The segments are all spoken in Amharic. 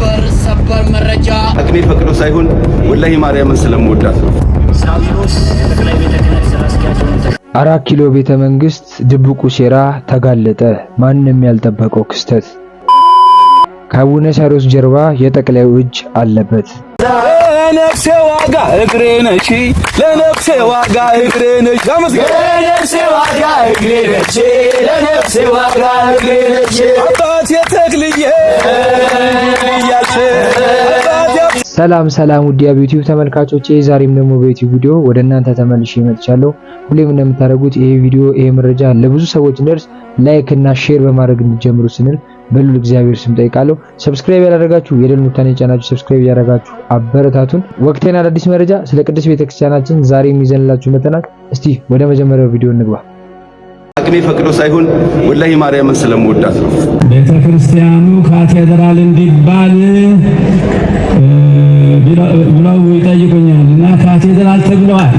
ሰበር ሰበር መረጃ አቅሜ ፈቅዶ ሳይሆን ወላሂ ማርያምን ስለምወዳት ነው። አራት ኪሎ ቤተ መንግስት ድብቁ ሴራ ተጋለጠ። ማንም ያልጠበቀው ክስተት ከአቡነ ሳዊሮስ ጀርባ የጠቅላዩ እጅ አለበት። ለነፍሴ ዋጋ እግሬ ነሽ፣ ለነፍሴ ዋጋ እግሬ ለነፍሴ ዋጋ እግሬ ለነፍሴ ዋጋ እግሬ ሰላም ሰላም ውድ የዩቲዩብ ተመልካቾች፣ ዛሬም ደግሞ በዩቲዩብ ቪዲዮ ወደ እናንተ ተመልሼ መጥቻለሁ። ሁሌም እንደምታደርጉት ይሄ ቪዲዮ ይሄ መረጃ ለብዙ ሰዎች እንደርስ ላይክ እና ሼር በማድረግ እንጀምሩ ስንል በሉል እግዚአብሔር ስም ጠይቃለሁ። ሰብስክራይብ ያደረጋችሁ የደል ሙታኔ ቻናችሁ ሰብስክራይብ ያደረጋችሁ አበረታቱን። ወቅቴና አዳዲስ መረጃ ስለ ቅዱስ ቤተክርስቲያናችን ዛሬም ይዘንላችሁ መጥተናል። እስቲ ወደ መጀመሪያው ቪዲዮ እንግባ። አቅሜ ፈቅዶ ሳይሆን ወላሂ ማርያምን ስለምወዳት ነው ቤተክርስቲያኑ ካቴድራል እንዲባል ብለው ይጠይቁኛል እና ካቴድራል ተብለዋል።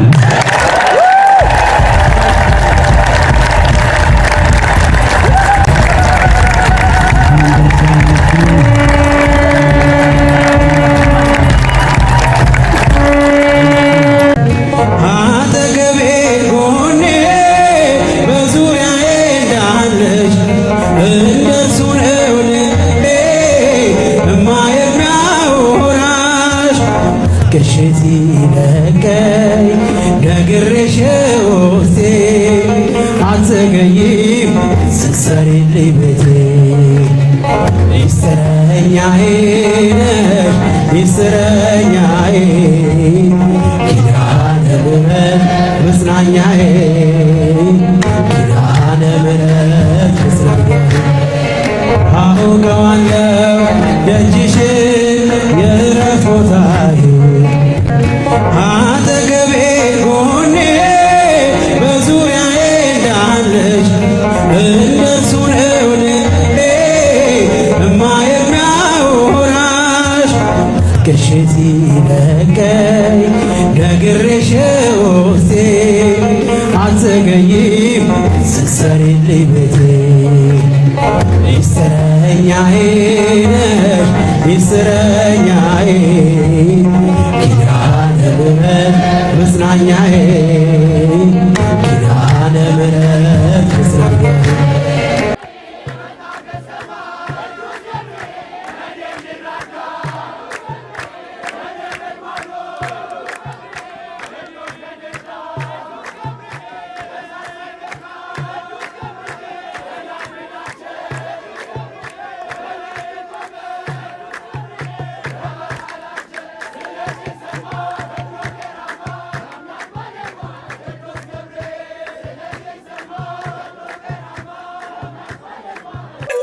ፍቅርሽ ሲነቀኝ ነግሬሽ ውስጤ አትዘገይም ስትሰሪልኝ ቤቴ ሚስጥረኛዬ ነሽ ኪዳነ ምሕረት መጽናኛዬ ምስረኛዬ ኪዳነ ምሕረት መጽናኛዬ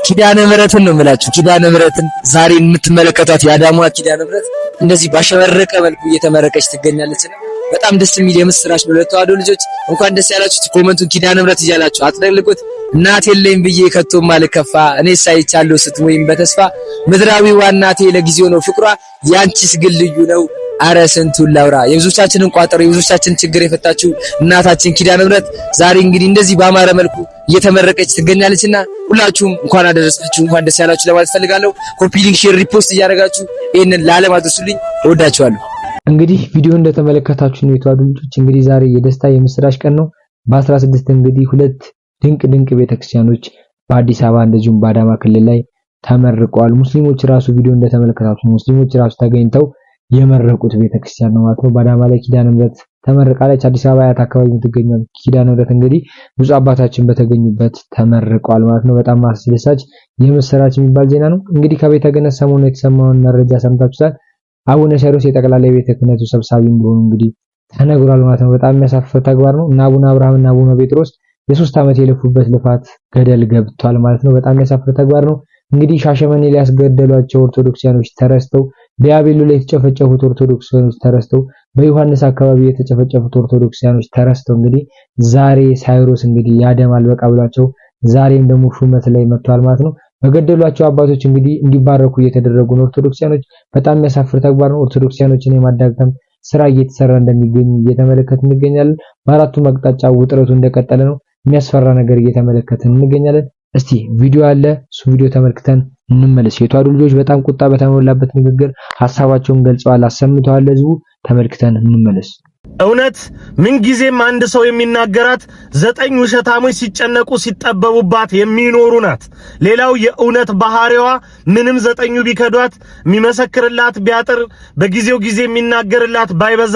ኪዳነ ምሕረትን ነው የምላችሁ። ኪዳነ ምሕረትን ዛሬ የምትመለከቷት የአዳሟ ኪዳነ ምሕረት እንደዚህ ባሸበረቀ መልኩ እየተመረቀች ትገኛለች። በጣም ደስ የሚል የምስራች ነው ለተዋሕዶ ልጆች እንኳን ደስ ያላችሁት። ኮመንቱን ኪዳነ ምሕረት እያላችሁ አጥለቅልቁት። እናት የለኝም ብዬ ከቶም አልከፋ እኔ ሳይቻለሁ ስትሞይም በተስፋ ምድራዊዋ እናቴ ለጊዜው ነው ፍቅሯ ያንቺስ ግን ልዩ ነው አረ ስንቱን ላውራ። የብዙዎቻችንን ቋጠሮ የብዙዎቻችን ችግር የፈታችው እናታችን ኪዳነ ምሕረት ዛሬ እንግዲህ እንደዚህ በአማረ መልኩ እየተመረቀች ትገኛለች እና ሁላችሁም እንኳን አደረሳችሁ እንኳን ደስ ያላችሁ ለማለት ፈልጋለሁ። ኮፒ ሊንክ፣ ሼር፣ ሪፖስት እያደረጋችሁ ይህንን ለዓለም አድርሱልኝ። እወዳችኋለሁ። እንግዲህ ቪዲዮ እንደተመለከታችሁ ነው የተዋዱ ልጆች። እንግዲህ ዛሬ የደስታ የምስራች ቀን ነው። በ16 እንግዲህ ሁለት ድንቅ ድንቅ ቤተክርስቲያኖች በአዲስ አበባ እንደዚሁም በአዳማ ክልል ላይ ተመርቀዋል። ሙስሊሞች ራሱ ቪዲዮ እንደተመለከታችሁ ሙስሊሞች ራሱ ተገኝተው የመረቁት ቤተክርስቲያን ነው ማለት ነው። በአዳማ ላይ ኪዳነ ምሕረት ተመርቃለች። አዲስ አበባ አያት አካባቢ የምትገኘው ኪዳነ ምሕረት እንግዲህ ብፁዕ አባታችን በተገኙበት ተመርቋል ማለት ነው። በጣም አስደሳች የምስራች የሚባል ዜና ነው። እንግዲህ ከቤተ ክህነት ሰሞኑ የተሰማውን መረጃ ሰምታችሁታል። አቡነ ሳዊሮስ የጠቅላላ የቤተ ክህነቱ ሰብሳቢ እንደሆኑ እንግዲህ ተነግሯል ማለት ነው። በጣም የሚያሳፍር ተግባር ነው እና አቡነ አብርሃም እና አቡነ ጴጥሮስ የሶስት ዓመት የለፉበት ልፋት ገደል ገብቷል ማለት ነው። በጣም የሚያሳፍር ተግባር ነው። እንግዲህ ሻሸመኔ ሊያስገደሏቸው ኦርቶዶክሲያኖች ተረስተው በያቤሉ ላይ የተጨፈጨፉት ኦርቶዶክሳኖች ተረስተው በዮሐንስ አካባቢ የተጨፈጨፉት ኦርቶዶክሳኖች ተረስተው እንግዲህ ዛሬ ሳይሮስ እንግዲህ ያደም አልበቃ ብሏቸው ዛሬም ደግሞ ሹመት ላይ መጥቷል ማለት ነው። በገደሏቸው አባቶች እንግዲህ እንዲባረኩ እየተደረጉ ነው። ኦርቶዶክሳኖች በጣም የሚያሳፍር ተግባር ነው። ኦርቶዶክሳኖችን የማዳከም ስራ እየተሰራ እንደሚገኝ እየተመለከት እንገኛለን። በአራቱም አቅጣጫ ውጥረቱ እንደቀጠለ ነው። የሚያስፈራ ነገር እየተመለከትን እንገኛለን። እስቲ ቪዲዮ አለ፣ እሱ ቪዲዮ ተመልክተን እንመለስ። የተዋሕዶ ልጆች በጣም ቁጣ በተሞላበት ንግግር ሀሳባቸውን ገልጸዋል፣ አሰምተዋል ለሕዝቡ። ተመልክተን እንመለስ። እውነት ምንጊዜም አንድ ሰው የሚናገራት ዘጠኝ ውሸታሞች ሲጨነቁ ሲጠበቡባት የሚኖሩ ናት። ሌላው የእውነት ባህሪዋ ምንም ዘጠኙ ቢከዷት የሚመሰክርላት ቢያጥር በጊዜው ጊዜ የሚናገርላት ባይበዛ፣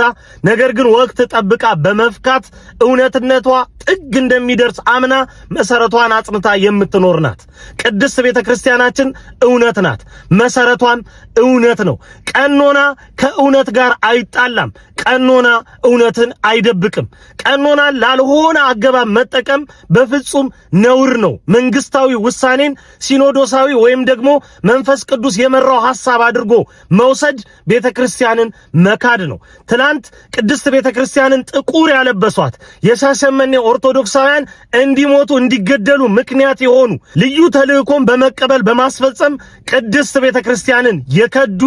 ነገር ግን ወቅት ጠብቃ በመፍካት እውነትነቷ ጥግ እንደሚደርስ አምና መሰረቷን አጽንታ የምትኖር ናት። ቅድስት ቤተ ክርስቲያናችን እውነት ናት። መሰረቷም እውነት ነው። ቀኖና ከእውነት ጋር አይጣላም። ቀኖና እውነትን አይደብቅም። ቀኖና ላልሆነ አገባብ መጠቀም በፍጹም ነውር ነው። መንግስታዊ ውሳኔን ሲኖዶሳዊ ወይም ደግሞ መንፈስ ቅዱስ የመራው ሐሳብ አድርጎ መውሰድ ቤተ ክርስቲያንን መካድ ነው። ትላንት ቅድስት ቤተ ክርስቲያንን ጥቁር ያለበሷት የሻሸመኔ ኦርቶዶክሳውያን እንዲሞቱ እንዲገደሉ ምክንያት የሆኑ ልዩ ተልእኮን በመቀበል በማስፈጸም ቅድስት ቤተ ክርስቲያንን የከዱ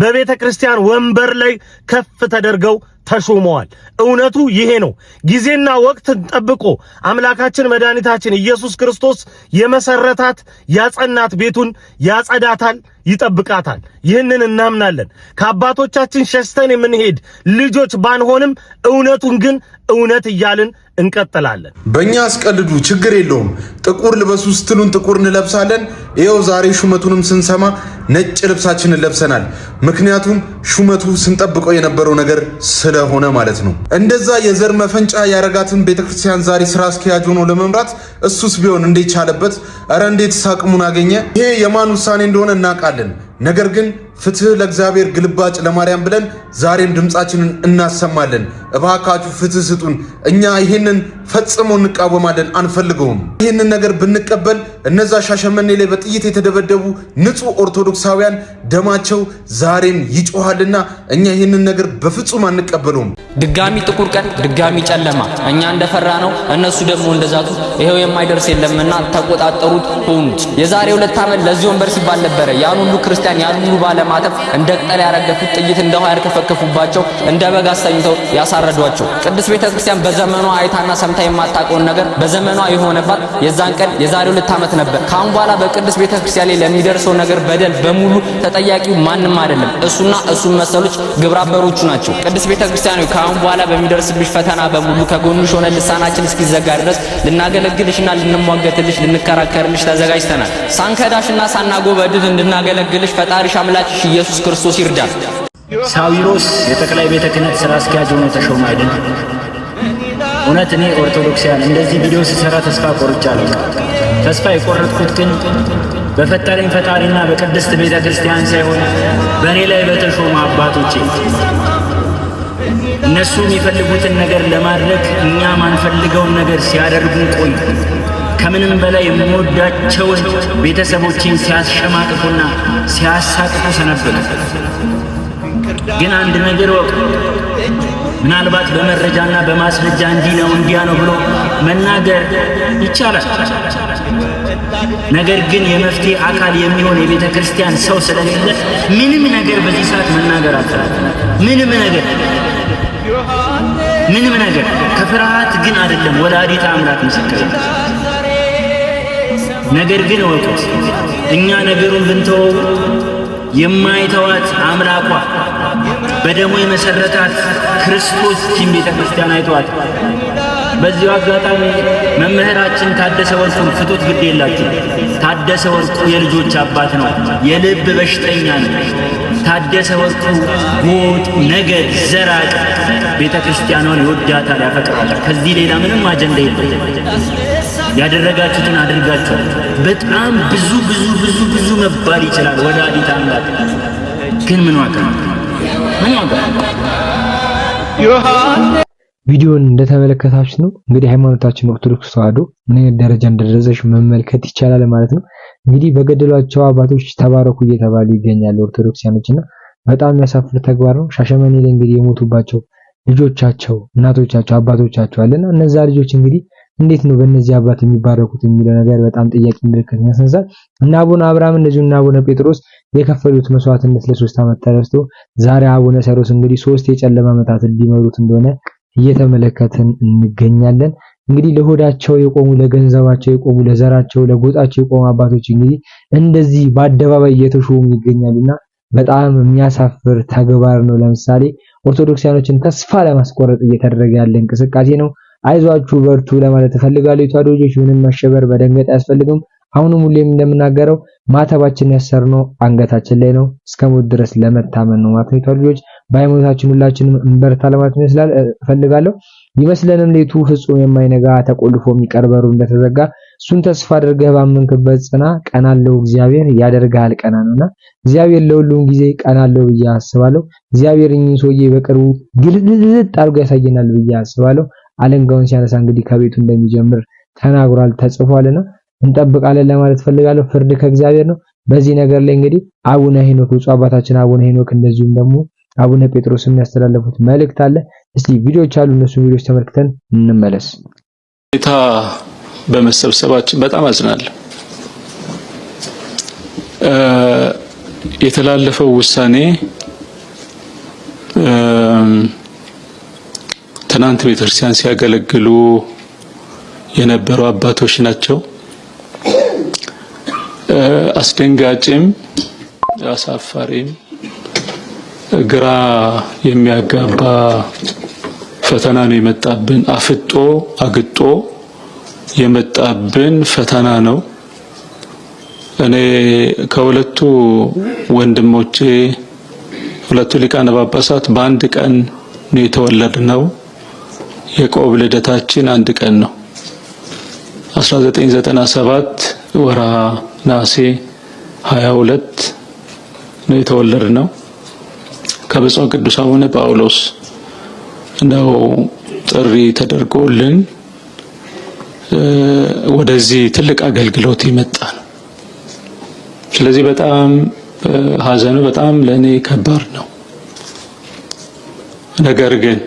በቤተ ክርስቲያን ወንበር ላይ ከፍ ተደርገው ተሾመዋል። እውነቱ ይሄ ነው። ጊዜና ወቅት ጠብቆ አምላካችን መድኃኒታችን ኢየሱስ ክርስቶስ የመሰረታት ያጸናት ቤቱን ያጸዳታል፣ ይጠብቃታል። ይህንን እናምናለን። ከአባቶቻችን ሸሽተን የምንሄድ ልጆች ባንሆንም እውነቱን ግን እውነት እያልን እንቀጥላለን። በእኛ አስቀልዱ፣ ችግር የለውም። ጥቁር ልበሱ ስትሉን ጥቁር እንለብሳለን። ይኸው ዛሬ ሹመቱንም ስንሰማ ነጭ ልብሳችንን ለብሰናል። ምክንያቱም ሹመቱ ስንጠብቀው የነበረው ነገር ስለሆነ ማለት ነው። እንደዛ የዘር መፈንጫ ያረጋትን ቤተክርስቲያን ዛሬ ስራ አስኪያጅ ሆኖ ለመምራት እሱስ ቢሆን እንዴት ቻለበት? እረ እንዴት ሳቅሙን አገኘ? ይሄ የማን ውሳኔ እንደሆነ እናውቃለን። ነገር ግን ፍትህ ለእግዚአብሔር ግልባጭ ለማርያም ብለን ዛሬም ድምፃችንን እናሰማለን። እባካችሁ ፍትህ ስጡን። እኛ ይህንን ፈጽሞ እንቃወማለን፣ አንፈልገውም። ይህንን ነገር ብንቀበል እነዛ ሻሸመኔ ላይ በጥይት የተደበደቡ ንጹህ ኦርቶዶክሳውያን ደማቸው ዛሬም ይጮሃልና እኛ ይህንን ነገር በፍጹም አንቀበለውም። ድጋሚ ጥቁር ቀን፣ ድጋሚ ጨለማ። እኛ እንደፈራ ነው፣ እነሱ ደግሞ እንደዛቱ ይኸው የማይደርስ የለምና ተቆጣጠሩት፣ ሆኑት። የዛሬ ሁለት ዓመት ለዚህ ወንበር ሲባል ነበረ ያን ሁሉ ክርስቲያን ያን ሁሉ ባለ ለማተፍ እንደ ቅጠል ያረገፉት ጥይት እንደ ውሃ ያርከፈከፉባቸው እንደ በግ አስተኝተው ያሳረዷቸው። ቅድስት ቤተ ክርስቲያን በዘመኗ አይታና ሰምታ የማታውቀውን ነገር በዘመኗ የሆነባት የዛን ቀን የዛሬ ሁለት ዓመት ነበር። ካሁን በኋላ በቅዱስ ቤተ ክርስቲያን ላይ ለሚደርሰው ነገር በደል በሙሉ ተጠያቂው ማንም አይደለም፣ እሱና እሱን መሰሎች ግብራበሮቹ ናቸው። ቅድስት ቤተ ክርስቲያን ካሁን በኋላ በሚደርስብሽ ፈተና በሙሉ ከጎንሽ ሆነ ልሳናችን እስኪዘጋ ድረስ ልናገለግልሽና ልንሟገትልሽ ልንከራከርልሽ ተዘጋጅተናል። ሳንከዳሽና ሳናጎበድድ እንድናገለግልሽ ፈጣሪሽ አምላክሽ ኢየሱስ ክርስቶስ ይርዳል። ሳዊሮስ የጠቅላይ ቤተ ክህነት ስራ አስኪያጅ ሆኖ ተሾመ አይደል? እውነት እኔ ኦርቶዶክሳውያን እንደዚህ ቪዲዮ ስሰራ ተስፋ ቆርጫለሁ። ተስፋ የቆረጥኩት ግን በፈጠረኝ ፈጣሪና በቅድስት ቤተ ክርስቲያን ሳይሆን በእኔ ላይ በተሾሙ አባቶቼ እነሱ የሚፈልጉትን ነገር ለማድረግ እኛ ማንፈልገውን ነገር ሲያደርጉ ቆይ ከምንም በላይ የምወዳቸውን ቤተሰቦችን ሲያሸማቅቁና ሲያሳቅቁ ሰነበቱ። ግን አንድ ነገር ወቅ ምናልባት በመረጃና በማስረጃ እንዲህ ነው እንዲያ ነው ብሎ መናገር ይቻላል። ነገር ግን የመፍትሄ አካል የሚሆን የቤተ ክርስቲያን ሰው ስለሌለ ምንም ነገር በዚህ ሰዓት መናገር አልፈለም። ምንም ነገር ምንም ነገር ከፍርሃት ግን አይደለም። ወላዲተ አምላክ ምስክር ነገር ግን እወቁት፣ እኛ ነገሩን ብንተወው የማይተዋት አምላኳ በደሞ የመሰረታት ክርስቶስ ጅም ቤተ ክርስቲያን አይተዋት። በዚሁ አጋጣሚ መምህራችን ታደሰ ወርቁን ፍቱት፣ ግድ የላችሁ። ታደሰ ወርቁ የልጆች አባት ነው፣ የልብ በሽተኛ ነው። ታደሰ ወርቁ ጎጥ፣ ነገድ፣ ዘራቅ ቤተ ክርስቲያኗን ይወዳታል፣ ያፈቅራታል። ከዚህ ሌላ ምንም አጀንዳ የለም። ያደረጋችሁትን አድርጋችሁ በጣም ብዙ ብዙ ብዙ ብዙ መባል ይችላል። ወደ አዲት አምላክ ግን ምን ዋጋ ምን ዋጋ ቪዲዮን እንደተመለከታችሁ ነው እንግዲህ ሃይማኖታችን ኦርቶዶክስ ተዋህዶ ምን አይነት ደረጃ እንደደረሰች መመልከት ይቻላል ማለት ነው። እንግዲህ በገደሏቸው አባቶች ተባረኩ እየተባሉ ይገኛሉ ኦርቶዶክሲያኖች እና በጣም የሚያሳፍር ተግባር ነው። ሻሸመኔ ላይ እንግዲህ የሞቱባቸው ልጆቻቸው፣ እናቶቻቸው፣ አባቶቻቸው አለና እነዛ ልጆች እንግዲህ እንዴት ነው በእነዚህ አባት የሚባረኩት የሚለው ነገር በጣም ጥያቄ ምልክት ያስነሳል። እና አቡነ አብርሃም እንደዚሁ እና አቡነ ጴጥሮስ የከፈሉት መስዋዕትነት ለሶስት ዓመት ተረስቶ ዛሬ አቡነ ሰሮስ እንግዲህ ሶስት የጨለማ ዓመታት እንዲመሩት እንደሆነ እየተመለከትን እንገኛለን። እንግዲህ ለሆዳቸው የቆሙ ለገንዘባቸው የቆሙ ለዘራቸው ለጎጣቸው የቆሙ አባቶች እንግዲህ እንደዚህ በአደባባይ እየተሾሙ ይገኛሉና በጣም የሚያሳፍር ተግባር ነው። ለምሳሌ ኦርቶዶክሳኖችን ተስፋ ለማስቆረጥ እየተደረገ ያለ እንቅስቃሴ ነው። አይዟችሁ በርቱ ለማለት እፈልጋለሁ። ተወዳጆች ምንም መሸበር በደንገጥ አያስፈልግም። አሁንም ሁሌም እንደምናገረው ማተባችን ያሰርነው አንገታችን ላይ ነው። እስከ ሞት ድረስ ለመታመን ነው ማለት ነው። ተወዳጆች በሃይማኖታችን ሁላችንም እንበርታ ለማለት ይመስላል እፈልጋለሁ። ይመስለንም ሌቱ ፍጹም የማይነጋ ተቆልፎ የሚቀርበሩ እንደተዘጋ እሱን ተስፋ አድርገህ ባመንክበት ጽና። ቀናለው እግዚአብሔር ያደርግሃል ቀና ነውና እግዚአብሔር ለሁሉም ጊዜ ቀናለው ብዬ አስባለሁ። እግዚአብሔር እኚህ ሰውዬ በቅርቡ ግልጥ አድርጎ ያሳየናል ብዬ አስባለሁ። አለንጋውን ሲያነሳ እንግዲህ ከቤቱ እንደሚጀምር ተናግሯል ተጽፏልና እንጠብቃለን ለማለት ፈልጋለሁ። ፍርድ ከእግዚአብሔር ነው። በዚህ ነገር ላይ እንግዲህ አቡነ ሄኖክ ብፁዕ አባታችን አቡነ ሄኖክ እንደዚሁም ደግሞ አቡነ ጴጥሮስ የሚያስተላለፉት መልእክት አለ። እስቲ ቪዲዮዎች አሉ፣ እነሱ ቪዲዮዎች ተመልክተን እንመለስ። ጌታ በመሰብሰባችን በጣም አዝናለሁ። የተላለፈው ውሳኔ ትናንት ቤተክርስቲያን ሲያገለግሉ የነበሩ አባቶች ናቸው። አስደንጋጭም አሳፋሪም ግራ የሚያጋባ ፈተና ነው የመጣብን። አፍጦ አግጦ የመጣብን ፈተና ነው። እኔ ከሁለቱ ወንድሞቼ ሁለቱ ሊቃነ ጳጳሳት በአንድ ቀን ነው የተወለድነው። የቆብ ልደታችን አንድ ቀን ነው። 1997 ወርሃ ነሐሴ 22 ነው ነው። ከብፁዕ ቅዱስ አቡነ ጳውሎስ ነው ጥሪ ተደርጎልን ወደዚህ ትልቅ አገልግሎት የመጣ ነው። ስለዚህ በጣም ሀዘኑ በጣም ለእኔ ከባድ ነው። ነገር ግን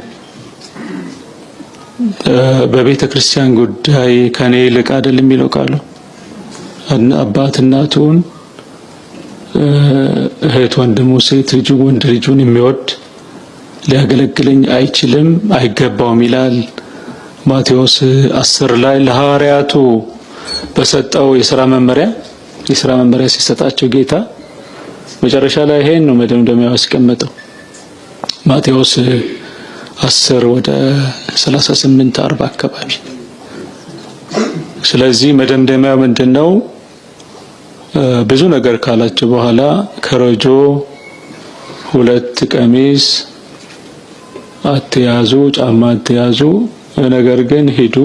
በቤተ ክርስቲያን ጉዳይ ከኔ ይልቅ አይደል የሚለው ቃሉ። አባት እናቱን፣ እህት ወንድሙ፣ ሴት ልጁ ወንድ ልጁን የሚወድ ሊያገለግለኝ አይችልም አይገባውም ይላል። ማቴዎስ አስር ላይ ለሐዋርያቱ በሰጠው የስራ መመሪያ የስራ መመሪያ ሲሰጣቸው ጌታ መጨረሻ ላይ ይሄን ነው መደምደሚያው ያስቀመጠው ማቴዎስ አስር ወደ 38 40 አካባቢ። ስለዚህ መደምደሚያ ምንድነው? ብዙ ነገር ካላቸው በኋላ ከረጆ ሁለት ቀሚስ አትያዙ፣ ጫማ አትያዙ፣ ነገር ግን ሂዱ፣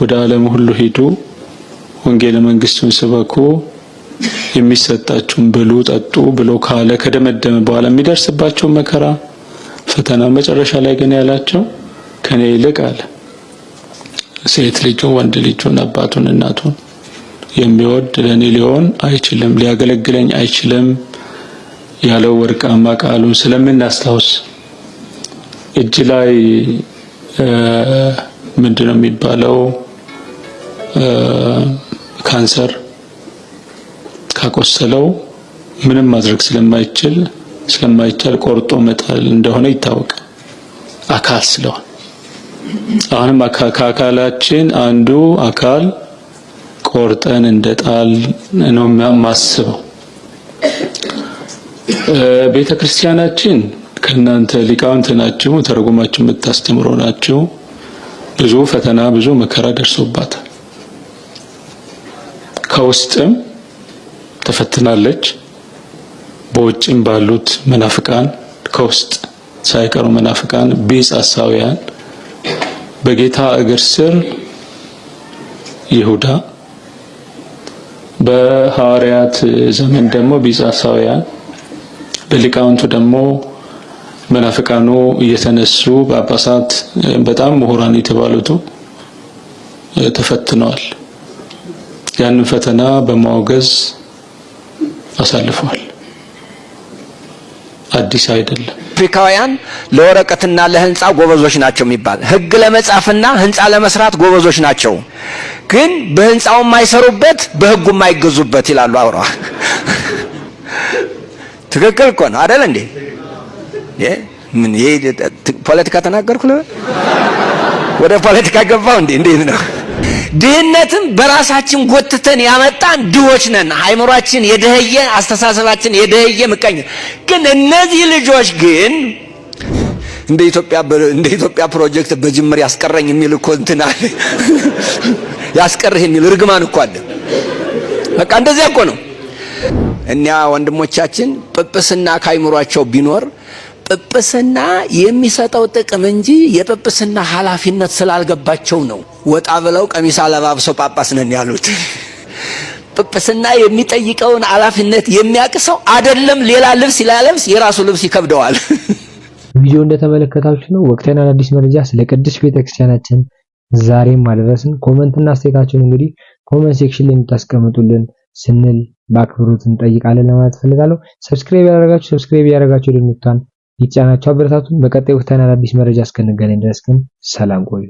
ወደ ዓለም ሁሉ ሂዱ፣ ወንጌለ መንግስቱን ስበኩ፣ የሚሰጣችሁን ብሉ፣ ጠጡ ብሎ ካለ ከደመደመ በኋላ የሚደርስባቸው መከራ ፈተናው መጨረሻ ላይ ግን ያላቸው ከኔ ይልቅ አለ ሴት ልጁን ወንድ ልጁን አባቱን እናቱን የሚወድ ለኔ ሊሆን አይችልም፣ ሊያገለግለኝ አይችልም ያለው ወርቃማ ቃሉን ስለምናስታውስ እጅ ላይ ምንድን ነው የሚባለው? ካንሰር ካቆሰለው ምንም ማድረግ ስለማይችል ስለማይቻል ቆርጦ መጣል እንደሆነ ይታወቃል። አካል ስለሆነ አሁንም ከአካላችን አንዱ አካል ቆርጠን እንደጣል ነው የማስበው። ቤተ ክርስቲያናችን ከእናንተ ሊቃውንት ናችሁ፣ ተርጉማችሁ የምታስተምሩ ናችሁ። ብዙ ፈተና፣ ብዙ መከራ ደርሶባታል። ከውስጥም ተፈትናለች። በውጭም ባሉት መናፍቃን ከውስጥ ሳይቀሩ መናፍቃን ቢጽ አሳውያን በጌታ እግር ስር ይሁዳ በሐዋርያት ዘመን ደግሞ ቢጽ አሳውያን በሊቃውንቱ ደግሞ መናፍቃኑ እየተነሱ ጳጳሳት በጣም ምሁራን የተባሉቱ ተፈትነዋል። ያንን ፈተና በማውገዝ አሳልፈዋል። አዲስ አይደለም። አፍሪካውያን ለወረቀትና ለህንፃ ጎበዞች ናቸው የሚባል ህግ ለመጻፍና ህንፃ ለመስራት ጎበዞች ናቸው፣ ግን በህንፃው የማይሰሩበት በህጉ የማይገዙበት ይላሉ አውረዋ። ትክክል እኮ ነው አደለ እንዴ? ፖለቲካ ተናገርኩ። ወደ ፖለቲካ ገባው እንዴ? እንዴት ነው? ድህነትም በራሳችን ጎትተን ያመጣን ድሆች ነን። ሃይምሯችን የደህየ፣ አስተሳሰባችን የደህየ፣ ምቀኝ ግን እነዚህ ልጆች ግን እንደ ኢትዮጵያ እንደ ኢትዮጵያ ፕሮጀክት በጅምር ያስቀረኝ የሚል እኮ እንትን አለ። ያስቀርህ የሚል እርግማን እኮ አለ። በቃ እንደዚያ እኮ ነው። እኒያ ወንድሞቻችን ጵጵስና ካይምሯቸው ቢኖር ጵጵስና የሚሰጠው ጥቅም እንጂ የጵጵስና ኃላፊነት ስላልገባቸው ነው። ወጣ ብለው ቀሚስ አለባብሰው ጳጳስ ነን ያሉት። ጵጵስና የሚጠይቀውን ኃላፊነት የሚያቅሰው አይደለም። ሌላ ልብስ ላለብስ የራሱ ልብስ ይከብደዋል። ቪዲዮ እንደተመለከታችሁ ነው። ወቅታዊና አዳዲስ መረጃ ስለ ቅድስት ቤተክርስቲያናችን ዛሬም አልደረስን። ኮመንትና አስተያየታችሁን እንግዲህ ኮመንት ሴክሽን ላይ የምታስቀምጡልን ስንል በአክብሮት እንጠይቃለን ለማለት ፈልጋለሁ። ሰብስክራይብ ያደረጋችሁ ሰብስክራይብ ያደረጋችሁ ድንቷን ይጫናቸው፣ አበረታቱን። በቀጣይ ወቅታን አዳዲስ መረጃ እስክንገናኝ ድረስ ግን ሰላም ቆዩ።